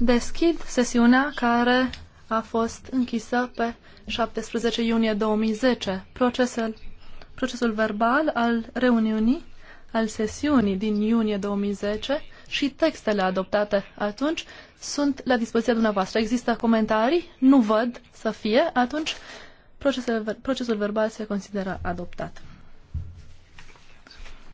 Deschid sesiunea care a fost închisă pe 17 iunie 2010. Procesul, procesul verbal al reuniunii, al sesiunii din iunie 2010 și textele adoptate atunci sunt la dispoziția dumneavoastră. Există comentarii? Nu văd să fie. Atunci procesul, procesul verbal se consideră adoptat.